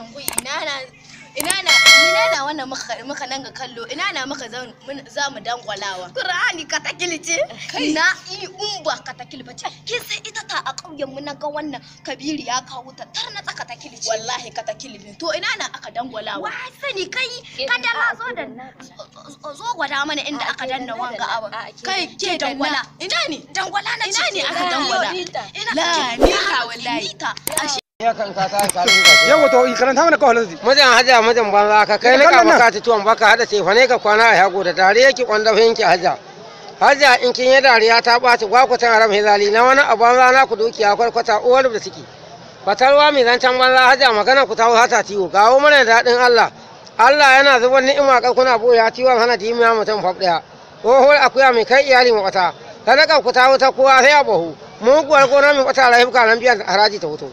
angu ina na ina na ina na wannan muka muka nan ga kallo ina na muka za mu dangwalawa qur'ani ka ce na i umba katakil ce kin sai ita ta a ƙauyen mu na ga wannan kabiru ya kawo ta tar na tsaka takil ce wallahi katakil ne to ina na aka dangwalawa wa sani kai ka kadala zo da zo gwada mana inda aka danna wanga abu kai ke dangwala ina ne dangwala na ce ina ne aka dangwala ina ni ta wallahi yawa to karanta mana kawo lazi mazan haja mazan banza ka kai lika baka ta tuwon baka hada ce fane ka kwana a yago da dare yake kwanda fahimki haja haja in kin yi dariya ta ɓaci gwakwatan haram hilali na wani a banza na ku a kwarkwata uwar da suke fatarwa mai zancen banza haja magana ku tawo hata tiwo gawo mana daɗin allah allah yana zubar ni'ima a kuna boya tiwon hana dimiya mutum fab ɗaya tsohuwar akuya mai kai iyali makwata ka ku tawo ta kowa sai a bahu muguwar gona mai kwata rahifuka nan biyan haraji ta wuto